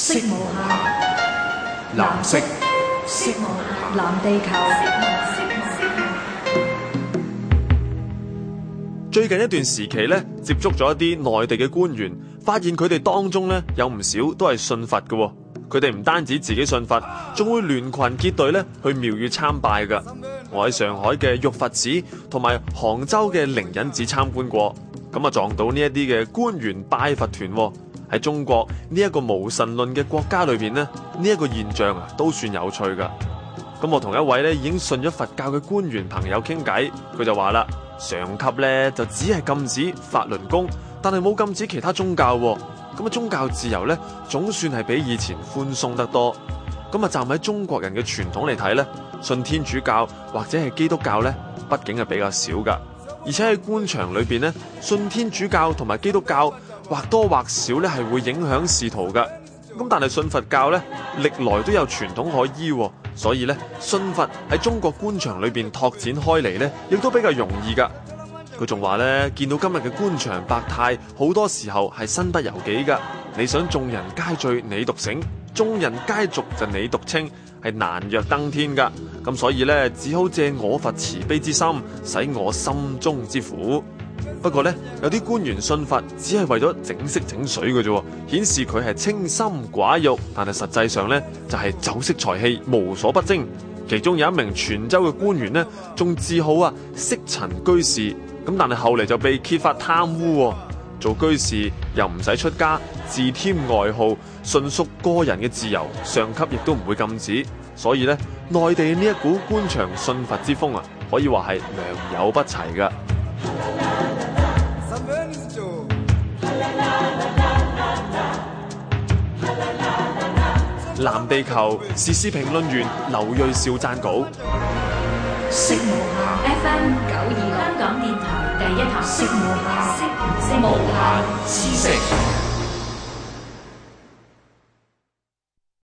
色無限，藍色，色無限，藍地球。地球最近一段時期咧，接觸咗一啲內地嘅官員，發現佢哋當中咧，有唔少都係信佛嘅，哦。佢哋唔單止自己信佛，仲會聯群結隊咧去廟宇參拜噶。我喺上海嘅玉佛寺同埋杭州嘅靈隱寺參觀過，咁啊撞到呢一啲嘅官員拜佛團，哦。喺中國呢一、這個無神論嘅國家裏邊呢，呢、這、一個現象啊都算有趣噶。咁我同一位咧已經信咗佛教嘅官員朋友傾偈，佢就話啦：上級咧就只係禁止法輪功，但係冇禁止其他宗教。咁啊，宗教自由咧總算係比以前寬鬆得多。咁啊，站喺中國人嘅傳統嚟睇咧，信天主教或者係基督教咧，畢竟係比較少噶。而且喺官場裏邊咧，信天主教同埋基督教。或多或少咧係會影響仕途噶，咁但係信佛教呢，歷來都有傳統可依，所以呢，信佛喺中國官場裏邊拓展開嚟呢，亦都比較容易噶。佢仲話呢，見到今日嘅官場百態，好多時候係身不由己噶。你想眾人皆醉你獨醒，眾人皆濁就你獨清，係難若登天噶。咁所以呢，只好借我佛慈悲之心，洗我心中之苦。不過咧，有啲官員信佛只係為咗整色整水嘅啫，顯示佢係清心寡欲，但係實際上咧就係、是、酒色財氣無所不精。其中有一名泉州嘅官員呢，仲自號啊，色塵居士。咁但係後嚟就被揭發貪污，做居士又唔使出家，自添外號，信屬個人嘅自由，上級亦都唔會禁止。所以呢，內地呢一股官場信佛之風啊，可以話係良莠不齊噶。藍地球時事評論員劉銳紹撰稿。